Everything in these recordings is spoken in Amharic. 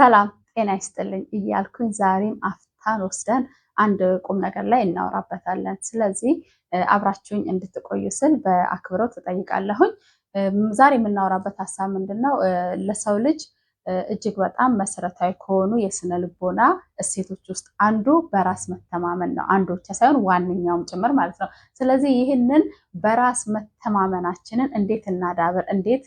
ሰላም ጤና ይስጥልኝ እያልኩኝ ዛሬም አፍታን ወስደን አንድ ቁም ነገር ላይ እናወራበታለን። ስለዚህ አብራችሁኝ እንድትቆዩ ስል በአክብሮት እጠይቃለሁኝ። ዛሬ የምናወራበት ሀሳብ ምንድን ነው? ለሰው ልጅ እጅግ በጣም መሰረታዊ ከሆኑ የስነ ልቦና እሴቶች ውስጥ አንዱ በራስ መተማመን ነው። አንዱ ብቻ ሳይሆን ዋነኛውም ጭምር ማለት ነው። ስለዚህ ይህንን በራስ መተማመናችንን እንዴት እናዳብር፣ እንዴት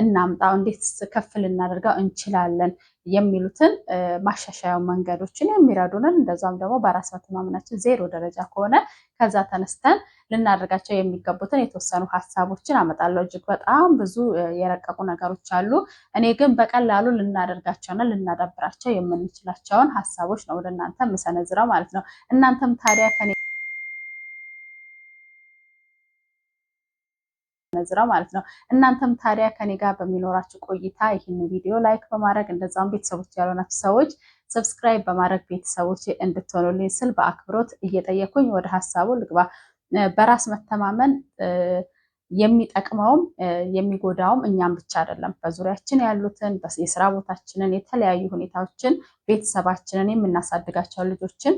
እናምጣው፣ እንዴት ከፍ ልናደርገው እንችላለን የሚሉትን ማሻሻያው መንገዶችን የሚረዱንን እንደዛም ደግሞ በራስ መተማመናችን ዜሮ ደረጃ ከሆነ ከዛ ተነስተን ልናደርጋቸው የሚገቡትን የተወሰኑ ሀሳቦችን አመጣለሁ። እጅግ በጣም ብዙ የረቀቁ ነገሮች አሉ። እኔ ግን በቀላሉ ልናደርጋቸውና ልናዳብራቸው የምንችላቸውን ሀሳቦች ነው ወደ እናንተ የምሰነዝረው ማለት ነው። እናንተም ታዲያ ከኔ ስንዘረዝረው ማለት ነው። እናንተም ታዲያ ከኔ ጋር በሚኖራችሁ ቆይታ ይህን ቪዲዮ ላይክ በማድረግ እንደዛውም ቤተሰቦች ያልሆናችሁ ሰዎች ሰብስክራይብ በማድረግ ቤተሰቦች እንድትሆኑልኝ ስል በአክብሮት እየጠየኩኝ ወደ ሀሳቡ ልግባ። በራስ መተማመን የሚጠቅመውም የሚጎዳውም እኛም ብቻ አይደለም። በዙሪያችን ያሉትን የስራ ቦታችንን የተለያዩ ሁኔታዎችን ቤተሰባችንን የምናሳድጋቸው ልጆችን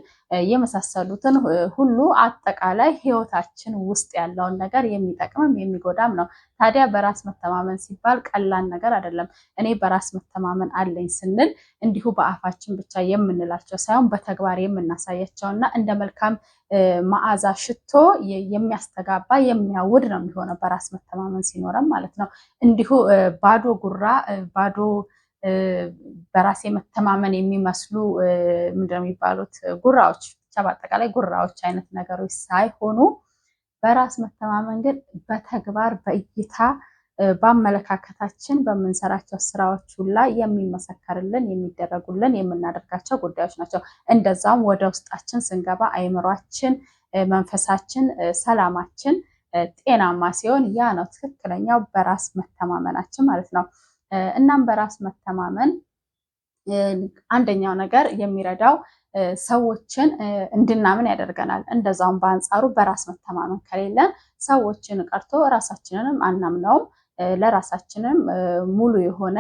የመሳሰሉትን ሁሉ አጠቃላይ ህይወታችን ውስጥ ያለውን ነገር የሚጠቅምም የሚጎዳም ነው። ታዲያ በራስ መተማመን ሲባል ቀላል ነገር አይደለም። እኔ በራስ መተማመን አለኝ ስንል እንዲሁ በአፋችን ብቻ የምንላቸው ሳይሆን በተግባር የምናሳያቸው እና እንደ መልካም መዓዛ ሽቶ የሚያስተጋባ የሚያውድ ነው የሚሆነው በራስ መተማመን ሲኖረም ማለት ነው። እንዲሁ ባዶ ጉራ ባዶ በራሴ መተማመን የሚመስሉ ምንድነው የሚባሉት ጉራዎች ብቻ በአጠቃላይ ጉራዎች አይነት ነገሮች ሳይሆኑ በራስ መተማመን ግን በተግባር በእይታ በአመለካከታችን በምንሰራቸው ስራዎች ሁላ የሚመሰከርልን የሚደረጉልን የምናደርጋቸው ጉዳዮች ናቸው። እንደዛውም ወደ ውስጣችን ስንገባ አይምሯችን፣ መንፈሳችን፣ ሰላማችን ጤናማ ሲሆን ያ ነው ትክክለኛው በራስ መተማመናችን ማለት ነው። እናም በራስ መተማመን አንደኛው ነገር የሚረዳው ሰዎችን እንድናምን ያደርገናል። እንደዛውም በአንጻሩ በራስ መተማመን ከሌለን ሰዎችን ቀርቶ ራሳችንንም አናምነውም። ለራሳችንም ሙሉ የሆነ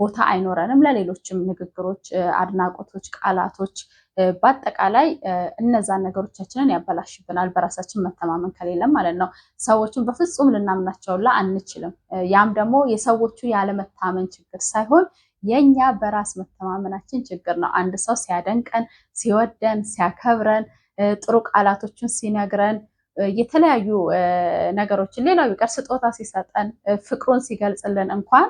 ቦታ አይኖረንም። ለሌሎችም ንግግሮች፣ አድናቆቶች፣ ቃላቶች በአጠቃላይ እነዛን ነገሮቻችንን ያበላሽብናል፣ በራሳችን መተማመን ከሌለም ማለት ነው። ሰዎቹን በፍጹም ልናምናቸውላ አንችልም። ያም ደግሞ የሰዎቹ ያለመታመን ችግር ሳይሆን የኛ በራስ መተማመናችን ችግር ነው። አንድ ሰው ሲያደንቀን፣ ሲወደን፣ ሲያከብረን፣ ጥሩ ቃላቶችን ሲነግረን የተለያዩ ነገሮችን ሌላው ቢቀር ስጦታ ሲሰጠን፣ ፍቅሩን ሲገልጽልን እንኳን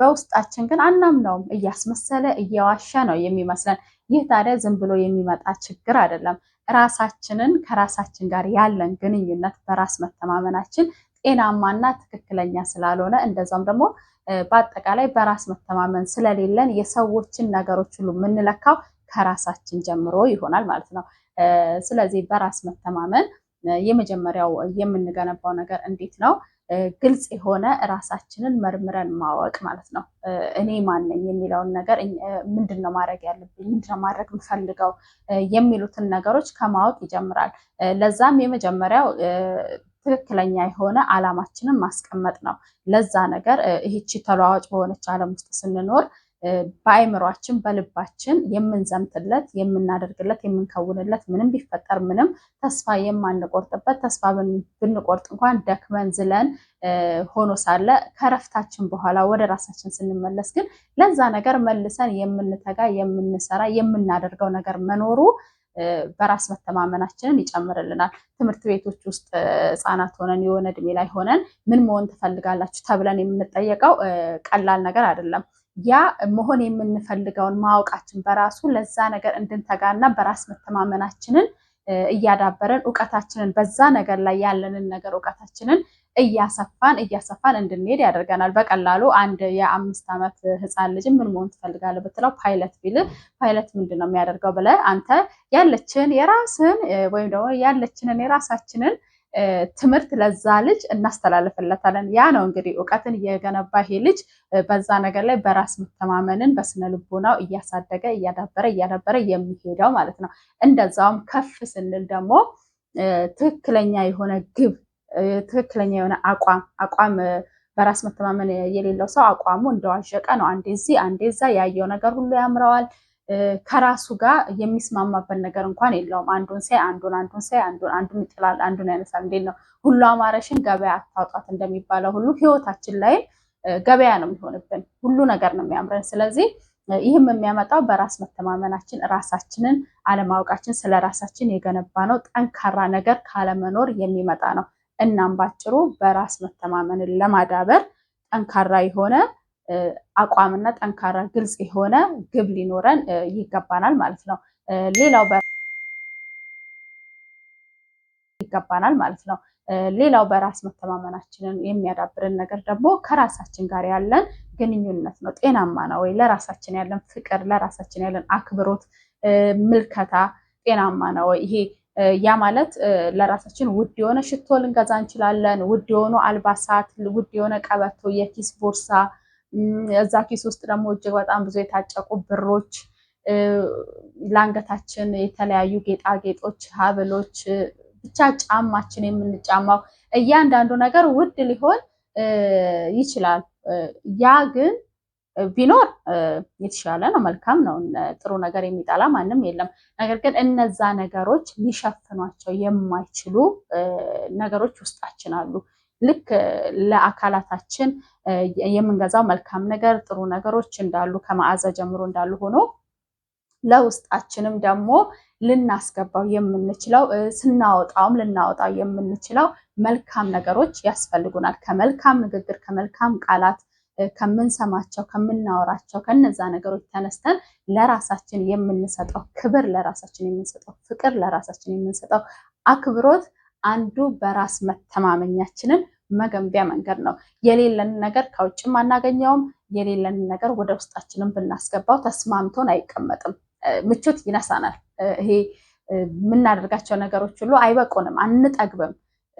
በውስጣችን ግን አናምነውም። እያስመሰለ እየዋሸ ነው የሚመስለን። ይህ ታዲያ ዝም ብሎ የሚመጣ ችግር አይደለም። ራሳችንን ከራሳችን ጋር ያለን ግንኙነት በራስ መተማመናችን ጤናማና ትክክለኛ ስላልሆነ እንደዛም ደግሞ በአጠቃላይ በራስ መተማመን ስለሌለን የሰዎችን ነገሮች ሁሉ የምንለካው ከራሳችን ጀምሮ ይሆናል ማለት ነው። ስለዚህ በራስ መተማመን የመጀመሪያው የምንገነባው ነገር እንዴት ነው? ግልጽ የሆነ እራሳችንን መርምረን ማወቅ ማለት ነው። እኔ ማን ነኝ የሚለውን ነገር ምንድን ነው ማድረግ ያለብኝ፣ ምንድን ነው ማድረግ የምፈልገው የሚሉትን ነገሮች ከማወቅ ይጀምራል። ለዛም የመጀመሪያው ትክክለኛ የሆነ አላማችንን ማስቀመጥ ነው። ለዛ ነገር ይህቺ ተለዋዋጭ በሆነች ዓለም ውስጥ ስንኖር በአይምሯችን በልባችን የምንዘምትለት የምናደርግለት የምንከውንለት ምንም ቢፈጠር ምንም ተስፋ የማንቆርጥበት ተስፋ ብንቆርጥ እንኳን ደክመን ዝለን ሆኖ ሳለ ከረፍታችን በኋላ ወደ ራሳችን ስንመለስ ግን ለዛ ነገር መልሰን የምንተጋ የምንሰራ የምናደርገው ነገር መኖሩ በራስ መተማመናችንን ይጨምርልናል። ትምህርት ቤቶች ውስጥ ህጻናት ሆነን የሆነ እድሜ ላይ ሆነን ምን መሆን ትፈልጋላችሁ ተብለን የምንጠየቀው ቀላል ነገር አይደለም። ያ መሆን የምንፈልገውን ማወቃችን በራሱ ለዛ ነገር እንድንተጋና በራስ መተማመናችንን እያዳበረን እውቀታችንን በዛ ነገር ላይ ያለንን ነገር እውቀታችንን እያሰፋን እያሰፋን እንድንሄድ ያደርገናል። በቀላሉ አንድ የአምስት ዓመት ህፃን ልጅ ምን መሆን ትፈልጋለህ ብትለው ፓይለት ቢል ፓይለት ምንድን ነው የሚያደርገው ብለህ አንተ ያለችን የራስን ወይም ደግሞ ያለችንን የራሳችንን ትምህርት ለዛ ልጅ እናስተላልፍለታለን። ያ ነው እንግዲህ እውቀትን እየገነባ ይሄ ልጅ በዛ ነገር ላይ በራስ መተማመንን በስነ ልቦናው እያሳደገ እያዳበረ እያዳበረ የሚሄደው ማለት ነው። እንደዛውም ከፍ ስንል ደግሞ ትክክለኛ የሆነ ግብ፣ ትክክለኛ የሆነ አቋም አቋም በራስ መተማመን የሌለው ሰው አቋሙ እንደዋዠቀ ነው። አንዴ እዚህ አንዴ እዛ ያየው ነገር ሁሉ ያምረዋል። ከራሱ ጋር የሚስማማበት ነገር እንኳን የለውም። አንዱን ሳይ አንዱን አንዱን ሳይ አንዱን አንዱን ይጥላል፣ አንዱን ያነሳል። እንዴት ነው ሁሉ አማረሽን ገበያ አታውጣት እንደሚባለው ሁሉ ህይወታችን ላይም ገበያ ነው የሚሆንብን። ሁሉ ነገር ነው የሚያምረን። ስለዚህ ይህም የሚያመጣው በራስ መተማመናችን፣ ራሳችንን አለማወቃችን፣ ስለ ራሳችን የገነባ ነው ጠንካራ ነገር ካለመኖር የሚመጣ ነው። እናም ባጭሩ በራስ መተማመንን ለማዳበር ጠንካራ የሆነ አቋምና ጠንካራ ግልጽ የሆነ ግብ ሊኖረን ይገባናል ማለት ነው። ሌላው ይገባናል ማለት ነው። ሌላው በራስ መተማመናችንን የሚያዳብርን ነገር ደግሞ ከራሳችን ጋር ያለን ግንኙነት ነው። ጤናማ ነው ወይ? ለራሳችን ያለን ፍቅር፣ ለራሳችን ያለን አክብሮት፣ ምልከታ ጤናማ ነው ወይ? ይሄ ያ ማለት ለራሳችን ውድ የሆነ ሽቶ ልንገዛ እንችላለን። ውድ የሆኑ አልባሳት፣ ውድ የሆነ ቀበቶ፣ የኪስ ቦርሳ እዛ ኪስ ውስጥ ደግሞ እጅግ በጣም ብዙ የታጨቁ ብሮች፣ ለአንገታችን የተለያዩ ጌጣጌጦች፣ ሀብሎች፣ ብቻ ጫማችን፣ የምንጫማው እያንዳንዱ ነገር ውድ ሊሆን ይችላል። ያ ግን ቢኖር የተሻለ ነው፣ መልካም ነው። ጥሩ ነገር የሚጠላ ማንም የለም። ነገር ግን እነዛ ነገሮች ሊሸፍኗቸው የማይችሉ ነገሮች ውስጣችን አሉ። ልክ ለአካላታችን የምንገዛው መልካም ነገር ጥሩ ነገሮች እንዳሉ ከመዓዛ ጀምሮ እንዳሉ ሆኖ ለውስጣችንም ደግሞ ልናስገባው የምንችለው ስናወጣውም ልናወጣው የምንችለው መልካም ነገሮች ያስፈልጉናል። ከመልካም ንግግር፣ ከመልካም ቃላት፣ ከምንሰማቸው፣ ከምናወራቸው ከነዛ ነገሮች ተነስተን ለራሳችን የምንሰጠው ክብር፣ ለራሳችን የምንሰጠው ፍቅር፣ ለራሳችን የምንሰጠው አክብሮት አንዱ በራስ መተማመኛችንን መገንቢያ መንገድ ነው። የሌለንን ነገር ከውጭም አናገኘውም። የሌለንን ነገር ወደ ውስጣችንን ብናስገባው ተስማምቶን አይቀመጥም። ምቾት ይነሳናል። ይሄ የምናደርጋቸው ነገሮች ሁሉ አይበቁንም፣ አንጠግብም።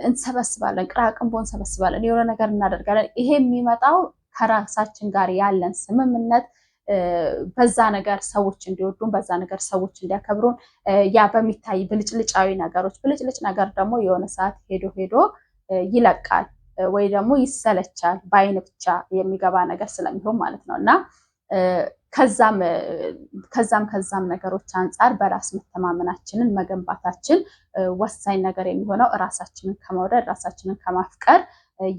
እንሰበስባለን፣ ቅራቅንቦ እንሰበስባለን፣ የሆነ ነገር እናደርጋለን። ይሄ የሚመጣው ከራሳችን ጋር ያለን ስምምነት በዛ ነገር ሰዎች እንዲወዱን በዛ ነገር ሰዎች እንዲያከብሩን ያ በሚታይ ብልጭልጫዊ ነገሮች ብልጭልጭ ነገር ደግሞ የሆነ ሰዓት ሄዶ ሄዶ ይለቃል ወይ ደግሞ ይሰለቻል። በአይን ብቻ የሚገባ ነገር ስለሚሆን ማለት ነው እና ከዛም ከዛም ነገሮች አንጻር በራስ መተማመናችንን መገንባታችን ወሳኝ ነገር የሚሆነው ራሳችንን ከመውደድ ራሳችንን ከማፍቀር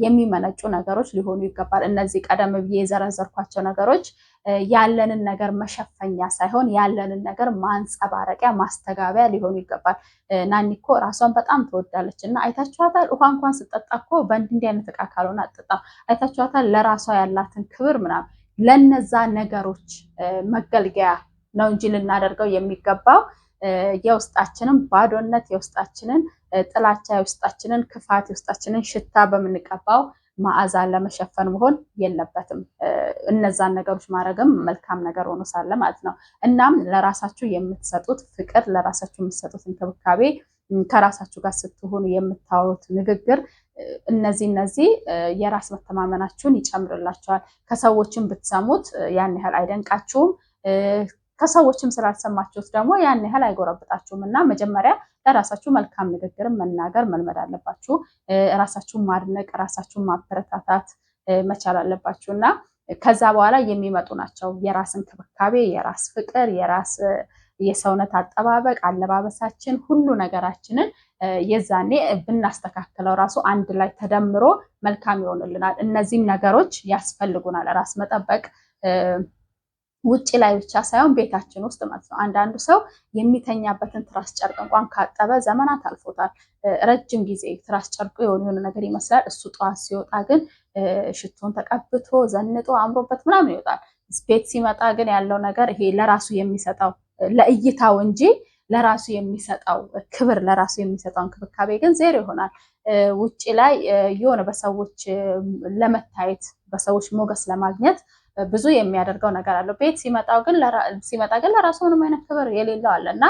የሚመነጩ ነገሮች ሊሆኑ ይገባል። እነዚህ ቀደም ብዬ የዘረዘርኳቸው ነገሮች ያለንን ነገር መሸፈኛ ሳይሆን ያለንን ነገር ማንጸባረቂያ ማስተጋቢያ ሊሆኑ ይገባል። ናኒ እኮ ራሷን በጣም ትወዳለች እና አይታችኋታል። ውሃ እንኳን ስጠጣ እኮ በእንዲህ አይነት እቃ ካልሆነ አጠጣም። አይታችኋታል። ለራሷ ያላትን ክብር ምናምን ለነዛ ነገሮች መገልገያ ነው እንጂ ልናደርገው የሚገባው የውስጣችንን ባዶነት የውስጣችንን ጥላቻ የውስጣችንን ክፋት የውስጣችንን ሽታ በምንቀባው መዓዛ ለመሸፈን መሆን የለበትም። እነዛን ነገሮች ማድረግም መልካም ነገር ሆኖ ሳለ ማለት ነው። እናም ለራሳችሁ የምትሰጡት ፍቅር፣ ለራሳችሁ የምትሰጡት እንክብካቤ፣ ከራሳችሁ ጋር ስትሆኑ የምታወሩት ንግግር እነዚህ እነዚህ የራስ መተማመናችሁን ይጨምርላችኋል። ከሰዎችን ብትሰሙት ያን ያህል አይደንቃችሁም። ከሰዎችም ስላልሰማችሁት ደግሞ ያን ያህል አይጎረብጣችሁም እና መጀመሪያ ለራሳችሁ መልካም ንግግር መናገር መልመድ አለባችሁ። ራሳችሁን ማድነቅ፣ ራሳችሁን ማበረታታት መቻል አለባችሁ እና ከዛ በኋላ የሚመጡ ናቸው የራስ እንክብካቤ፣ የራስ ፍቅር፣ የራስ የሰውነት አጠባበቅ፣ አለባበሳችን፣ ሁሉ ነገራችንን የዛኔ ብናስተካክለው ራሱ አንድ ላይ ተደምሮ መልካም ይሆንልናል። እነዚህም ነገሮች ያስፈልጉናል ራስ መጠበቅ ውጭ ላይ ብቻ ሳይሆን ቤታችን ውስጥ ማለት ነው። አንዳንዱ ሰው የሚተኛበትን ትራስ ጨርቅ እንኳን ካጠበ ዘመናት አልፎታል። ረጅም ጊዜ ትራስ ጨርቁ የሆነ የሆነ ነገር ይመስላል። እሱ ጠዋት ሲወጣ ግን ሽቶን ተቀብቶ ዘንጦ አምሮበት ምናምን ይወጣል። ቤት ሲመጣ ግን ያለው ነገር ይሄ ለራሱ የሚሰጠው ለእይታው እንጂ ለራሱ የሚሰጠው ክብር ለራሱ የሚሰጠው እንክብካቤ ግን ዜሮ ይሆናል። ውጭ ላይ የሆነ በሰዎች ለመታየት በሰዎች ሞገስ ለማግኘት ብዙ የሚያደርገው ነገር አለው። ቤት ሲመጣ ግን ለራሱ ምንም አይነት ክብር የሌለው አለ እና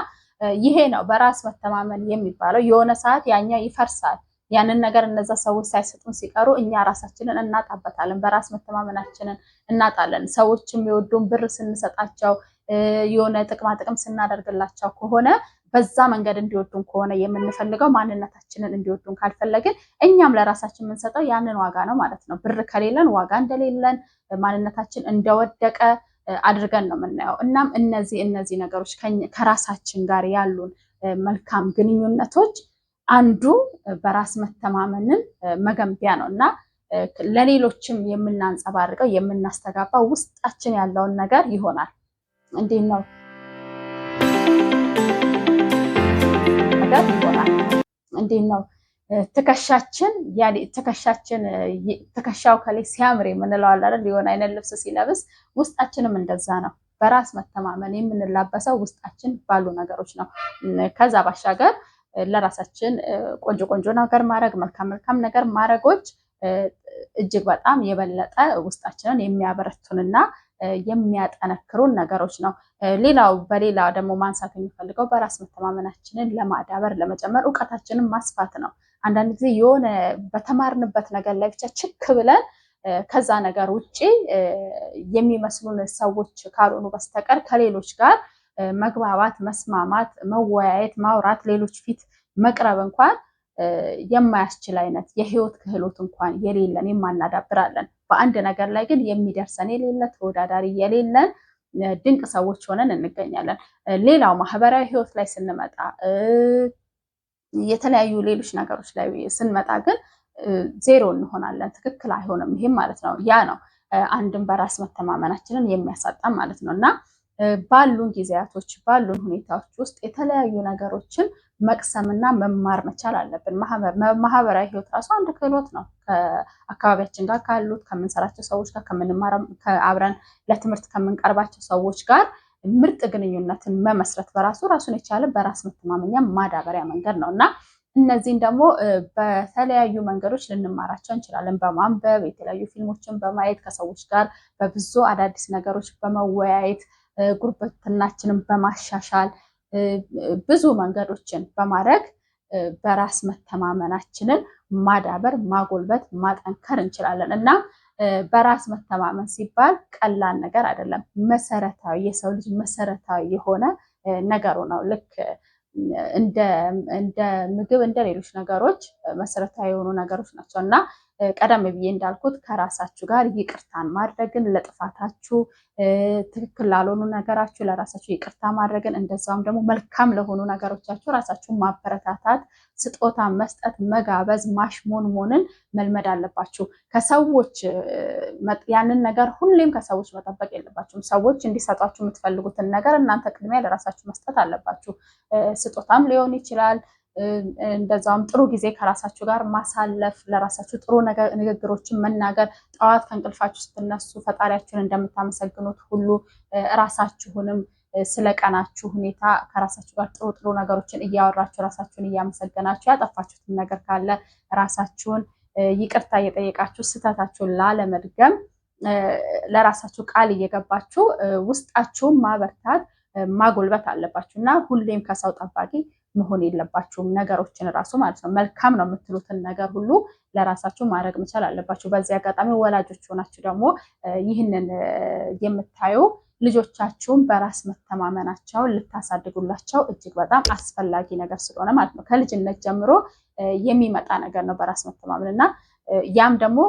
ይሄ ነው በራስ መተማመን የሚባለው። የሆነ ሰዓት ያኛው ይፈርሳል። ያንን ነገር እነዛ ሰዎች ሳይሰጡን ሲቀሩ እኛ ራሳችንን እናጣበታለን፣ በራስ መተማመናችንን እናጣለን። ሰዎች የሚወዱን ብር ስንሰጣቸው የሆነ ጥቅማ ጥቅም ስናደርግላቸው ከሆነ በዛ መንገድ እንዲወዱን ከሆነ የምንፈልገው ማንነታችንን እንዲወዱን ካልፈለግን እኛም ለራሳችን የምንሰጠው ያንን ዋጋ ነው ማለት ነው። ብር ከሌለን ዋጋ እንደሌለን ማንነታችን እንደወደቀ አድርገን ነው የምናየው። እናም እነዚህ እነዚህ ነገሮች ከራሳችን ጋር ያሉን መልካም ግንኙነቶች አንዱ በራስ መተማመንን መገንቢያ ነው እና ለሌሎችም የምናንጸባርቀው የምናስተጋባው ውስጣችን ያለውን ነገር ይሆናል። እንዴት ነው ነገር ይሆናል። እንዴት ነው ትከሻችን ትከሻችን ትከሻው ከላይ ሲያምር የምንለው አለ አይደል? የሆነ አይነት ልብስ ሲለብስ ውስጣችንም እንደዛ ነው። በራስ መተማመን የምንላበሰው ውስጣችን ባሉ ነገሮች ነው። ከዛ ባሻገር ለራሳችን ቆንጆ ቆንጆ ነገር ማድረግ መልካም መልካም ነገር ማድረጎች እጅግ በጣም የበለጠ ውስጣችንን የሚያበረቱንና የሚያጠነክሩን ነገሮች ነው። ሌላው በሌላ ደግሞ ማንሳት የሚፈልገው በራስ መተማመናችንን ለማዳበር ለመጨመር እውቀታችንን ማስፋት ነው። አንዳንድ ጊዜ የሆነ በተማርንበት ነገር ላይ ብቻ ችክ ብለን ከዛ ነገር ውጭ የሚመስሉን ሰዎች ካልሆኑ በስተቀር ከሌሎች ጋር መግባባት፣ መስማማት፣ መወያየት፣ ማውራት፣ ሌሎች ፊት መቅረብ እንኳን የማያስችል አይነት የህይወት ክህሎት እንኳን የሌለን የማናዳብራለን በአንድ ነገር ላይ ግን የሚደርሰን የሌለ ተወዳዳሪ የሌለን ድንቅ ሰዎች ሆነን እንገኛለን። ሌላው ማህበራዊ ህይወት ላይ ስንመጣ የተለያዩ ሌሎች ነገሮች ላይ ስንመጣ ግን ዜሮ እንሆናለን። ትክክል አይሆንም። ይህም ማለት ነው ያ ነው አንድን በራስ መተማመናችንን የሚያሳጣም ማለት ነው እና ባሉን ጊዜያቶች ባሉን ሁኔታዎች ውስጥ የተለያዩ ነገሮችን መቅሰምና መማር መቻል አለብን። ማህበራዊ ህይወት ራሱ አንድ ክህሎት ነው። ከአካባቢያችን ጋር ካሉት ከምንሰራቸው ሰዎች ጋር አብረን ለትምህርት ከምንቀርባቸው ሰዎች ጋር ምርጥ ግንኙነትን መመስረት በራሱ ራሱን የቻለ በራስ መተማመኛ ማዳበሪያ መንገድ ነው እና እነዚህን ደግሞ በተለያዩ መንገዶች ልንማራቸው እንችላለን። በማንበብ የተለያዩ ፊልሞችን በማየት ከሰዎች ጋር በብዙ አዳዲስ ነገሮች በመወያየት ጉርብትናችንን በማሻሻል ብዙ መንገዶችን በማድረግ በራስ መተማመናችንን ማዳበር፣ ማጎልበት፣ ማጠንከር እንችላለን እና በራስ መተማመን ሲባል ቀላል ነገር አይደለም። መሰረታዊ የሰው ልጅ መሰረታዊ የሆነ ነገሩ ነው። ልክ እንደ ምግብ እንደ ሌሎች ነገሮች መሰረታዊ የሆኑ ነገሮች ናቸው እና ቀደም ብዬ እንዳልኩት ከራሳችሁ ጋር ይቅርታን ማድረግን ለጥፋታችሁ ትክክል ላልሆኑ ነገራችሁ ለራሳችሁ ይቅርታ ማድረግን እንደዛውም ደግሞ መልካም ለሆኑ ነገሮቻችሁ ራሳችሁን ማበረታታት፣ ስጦታ መስጠት፣ መጋበዝ፣ ማሽሞንሞንን መልመድ አለባችሁ። ከሰዎች ያንን ነገር ሁሌም ከሰዎች መጠበቅ የለባችሁም። ሰዎች እንዲሰጧችሁ የምትፈልጉትን ነገር እናንተ ቅድሚያ ለራሳችሁ መስጠት አለባችሁ። ስጦታም ሊሆን ይችላል እንደዛውም ጥሩ ጊዜ ከራሳችሁ ጋር ማሳለፍ፣ ለራሳችሁ ጥሩ ንግግሮችን መናገር፣ ጠዋት ከእንቅልፋችሁ ስትነሱ ፈጣሪያችሁን እንደምታመሰግኑት ሁሉ ራሳችሁንም ስለ ቀናችሁ ሁኔታ ከራሳችሁ ጋር ጥሩ ጥሩ ነገሮችን እያወራችሁ ራሳችሁን እያመሰገናችሁ ያጠፋችሁትን ነገር ካለ ራሳችሁን ይቅርታ እየጠየቃችሁ ስህተታችሁን ላለመድገም ለራሳችሁ ቃል እየገባችሁ ውስጣችሁን ማበርታት ማጎልበት አለባችሁ እና ሁሌም ከሰው ጠባቂ መሆን የለባችሁም ነገሮችን ራሱ ማለት ነው። መልካም ነው የምትሉትን ነገር ሁሉ ለራሳችሁ ማድረግ መቻል አለባችሁ። በዚህ አጋጣሚ ወላጆች ሆናችሁ ደግሞ ይህንን የምታዩ ልጆቻችሁን በራስ መተማመናቸውን ልታሳድጉላቸው እጅግ በጣም አስፈላጊ ነገር ስለሆነ ማለት ነው። ከልጅነት ጀምሮ የሚመጣ ነገር ነው በራስ መተማመን እና ያም ደግሞ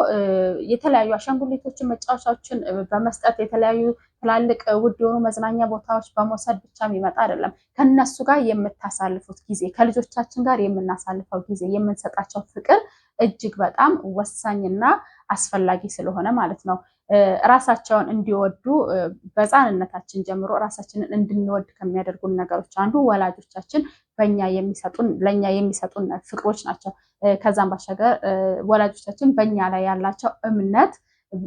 የተለያዩ አሻንጉሊቶችን መጫወቻዎችን በመስጠት የተለያዩ ትላልቅ ውድ የሆኑ መዝናኛ ቦታዎች በመውሰድ ብቻ የሚመጣ አይደለም። ከነሱ ጋር የምታሳልፉት ጊዜ፣ ከልጆቻችን ጋር የምናሳልፈው ጊዜ፣ የምንሰጣቸው ፍቅር እጅግ በጣም ወሳኝና አስፈላጊ ስለሆነ ማለት ነው። ራሳቸውን እንዲወዱ በሕፃንነታችን ጀምሮ ራሳችንን እንድንወድ ከሚያደርጉን ነገሮች አንዱ ወላጆቻችን በእኛ የሚሰጡን ለእኛ የሚሰጡን ፍቅሮች ናቸው። ከዛም ባሻገር ወላጆቻችን በእኛ ላይ ያላቸው እምነት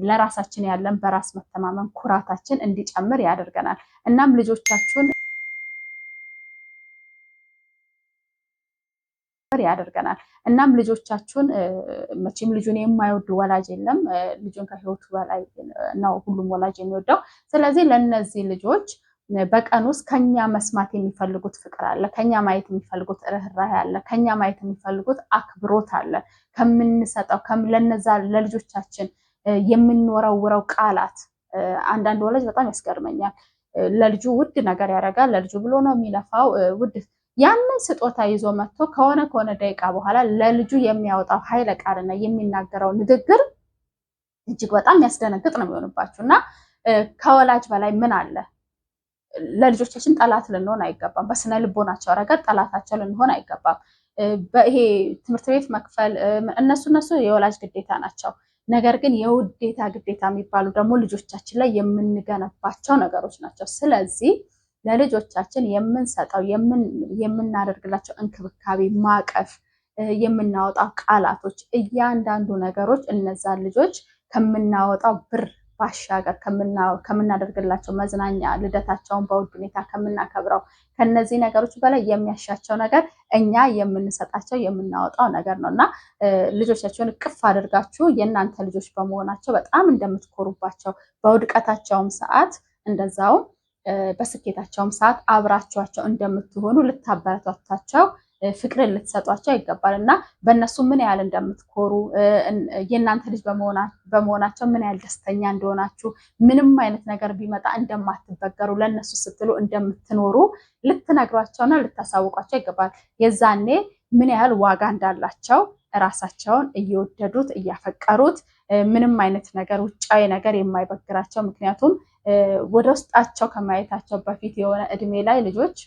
ለራሳችን ያለን በራስ መተማመን ኩራታችን እንዲጨምር ያደርገናል። እናም ልጆቻችሁን ያደርገናል። እናም ልጆቻችሁን መቼም ልጁን የማይወዱ ወላጅ የለም። ልጁን ከህይወቱ በላይ ነው ሁሉም ወላጅ የሚወደው። ስለዚህ ለእነዚህ ልጆች በቀን ውስጥ ከኛ መስማት የሚፈልጉት ፍቅር አለ፣ ከኛ ማየት የሚፈልጉት ርኅራኄ አለ፣ ከኛ ማየት የሚፈልጉት አክብሮት አለ። ከምንሰጠው ለነዛ ለልጆቻችን የምንወረውረው ቃላት አንዳንድ ወላጅ በጣም ያስገርመኛል። ለልጁ ውድ ነገር ያደርጋል። ለልጁ ብሎ ነው የሚለፋው ውድ ያንን ስጦታ ይዞ መጥቶ ከሆነ ከሆነ ደቂቃ በኋላ ለልጁ የሚያወጣው ኃይለ ቃልና የሚናገረው ንግግር እጅግ በጣም የሚያስደነግጥ ነው የሚሆንባችሁ እና ከወላጅ በላይ ምን አለ? ለልጆቻችን ጠላት ልንሆን አይገባም። በስነ ልቦናቸው ረገድ ጠላታቸው ልንሆን አይገባም። በይሄ ትምህርት ቤት መክፈል እነሱ እነሱ የወላጅ ግዴታ ናቸው። ነገር ግን የውዴታ ግዴታ የሚባሉ ደግሞ ልጆቻችን ላይ የምንገነባቸው ነገሮች ናቸው። ስለዚህ ለልጆቻችን የምንሰጠው የምናደርግላቸው እንክብካቤ፣ ማቀፍ፣ የምናወጣው ቃላቶች፣ እያንዳንዱ ነገሮች እነዛን ልጆች ከምናወጣው ብር ባሻገር ከምናደርግላቸው መዝናኛ፣ ልደታቸውን በውድ ሁኔታ ከምናከብረው ከነዚህ ነገሮች በላይ የሚያሻቸው ነገር እኛ የምንሰጣቸው የምናወጣው ነገር ነው እና ልጆቻቸውን እቅፍ አድርጋችሁ የእናንተ ልጆች በመሆናቸው በጣም እንደምትኮሩባቸው በውድቀታቸውም ሰዓት እንደዛውም በስኬታቸውም ሰዓት አብራችኋቸው እንደምትሆኑ ልታበረቷታቸው ፍቅርን ልትሰጧቸው ይገባል እና በእነሱ ምን ያህል እንደምትኮሩ የእናንተ ልጅ በመሆናቸው ምን ያህል ደስተኛ እንደሆናችሁ ምንም አይነት ነገር ቢመጣ እንደማትበገሩ ለእነሱ ስትሉ እንደምትኖሩ ልትነግሯቸውና ልታሳውቋቸው ይገባል። የዛኔ ምን ያህል ዋጋ እንዳላቸው እራሳቸውን እየወደዱት እያፈቀሩት ምንም አይነት ነገር ውጫዊ ነገር የማይበግራቸው ምክንያቱም ወደ ውስጣቸው ከማየታቸው በፊት የሆነ እድሜ ላይ ልጆች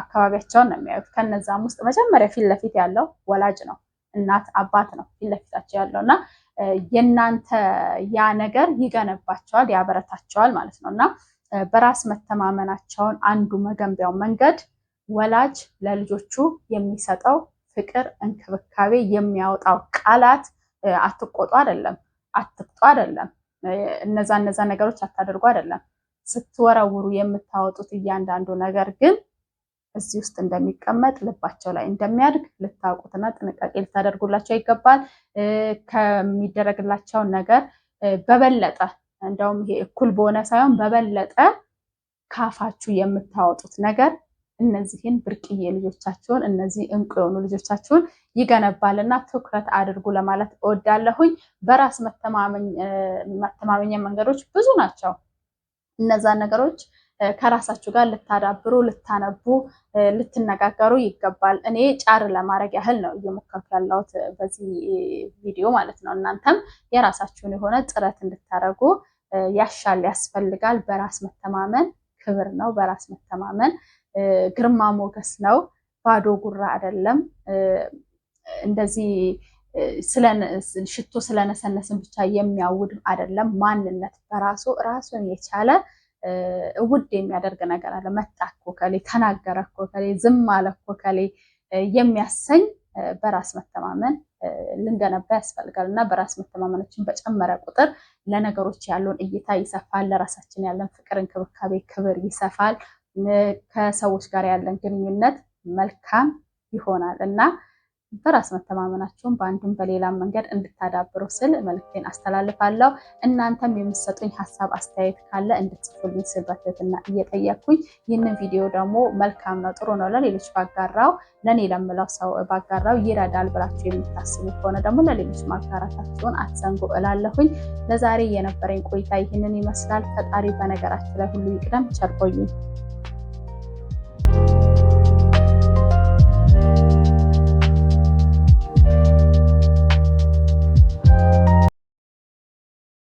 አካባቢያቸውን ነው የሚያዩት። ከነዛም ውስጥ መጀመሪያ ፊት ለፊት ያለው ወላጅ ነው፣ እናት አባት ነው ፊት ለፊታቸው ያለው እና የእናንተ ያ ነገር ይገነባቸዋል፣ ያበረታቸዋል ማለት ነው እና በራስ መተማመናቸውን አንዱ መገንቢያው መንገድ ወላጅ ለልጆቹ የሚሰጠው ፍቅር፣ እንክብካቤ፣ የሚያወጣው ቃላት አትቆጡ አይደለም፣ አትቁጡ አይደለም እነዛ እነዛ ነገሮች አታደርጉ አይደለም ስትወረውሩ የምታወጡት እያንዳንዱ ነገር ግን እዚህ ውስጥ እንደሚቀመጥ ልባቸው ላይ እንደሚያድግ ልታውቁትና ጥንቃቄ ልታደርጉላቸው ይገባል። ከሚደረግላቸው ነገር በበለጠ እንደውም ይሄ እኩል በሆነ ሳይሆን በበለጠ ካፋችሁ የምታወጡት ነገር እነዚህን ብርቅዬ ልጆቻችሁን እነዚህ እንቁ የሆኑ ልጆቻችሁን ይገነባልና ትኩረት አድርጉ ለማለት እወዳለሁኝ። በራስ መተማመኛ መንገዶች ብዙ ናቸው። እነዛን ነገሮች ከራሳችሁ ጋር ልታዳብሩ፣ ልታነቡ፣ ልትነጋገሩ ይገባል። እኔ ጫር ለማድረግ ያህል ነው እየሞከርኩ ያለሁት በዚህ ቪዲዮ ማለት ነው። እናንተም የራሳችሁን የሆነ ጥረት እንድታደርጉ ያሻል፣ ያስፈልጋል በራስ መተማመን ክብር ነው፣ በራስ መተማመን ግርማ ሞገስ ነው። ባዶ ጉራ አይደለም። እንደዚህ ሽቶ ስለነሰነስን ብቻ የሚያውድ አይደለም። ማንነት በራሱ ራሱን የቻለ ውድ የሚያደርግ ነገር አለ። መጣ እኮ ከሌ ተናገረ እኮ ከሌ ዝም አለ እኮ ከሌ የሚያሰኝ በራስ መተማመን ልንገነባ ያስፈልጋል እና በራስ መተማመኖችን በጨመረ ቁጥር ለነገሮች ያለውን እይታ ይሰፋል። ለራሳችን ያለን ፍቅር፣ እንክብካቤ፣ ክብር ይሰፋል። ከሰዎች ጋር ያለን ግንኙነት መልካም ይሆናል እና በራስ መተማመናቸውን በአንዱም በሌላ መንገድ እንድታዳብሩ ስል መልክቴን አስተላልፋለሁ። እናንተም የምትሰጡኝ ሀሳብ አስተያየት ካለ እንድትጽፉልኝ ስል በትህትና እየጠየኩኝ ይህንን ቪዲዮ ደግሞ መልካም ነው ጥሩ ነው ለሌሎች ባጋራው ለእኔ ለምለው ሰው ባጋራው ይረዳል ብላችሁ የምታስቡ ከሆነ ደግሞ ለሌሎች ማጋራታችሁን አትዘንጉ እላለሁኝ። ለዛሬ የነበረኝ ቆይታ ይህንን ይመስላል። ፈጣሪ በነገራችሁ ላይ ሁሉ ይቅደም። ቸር ቆዩኝ።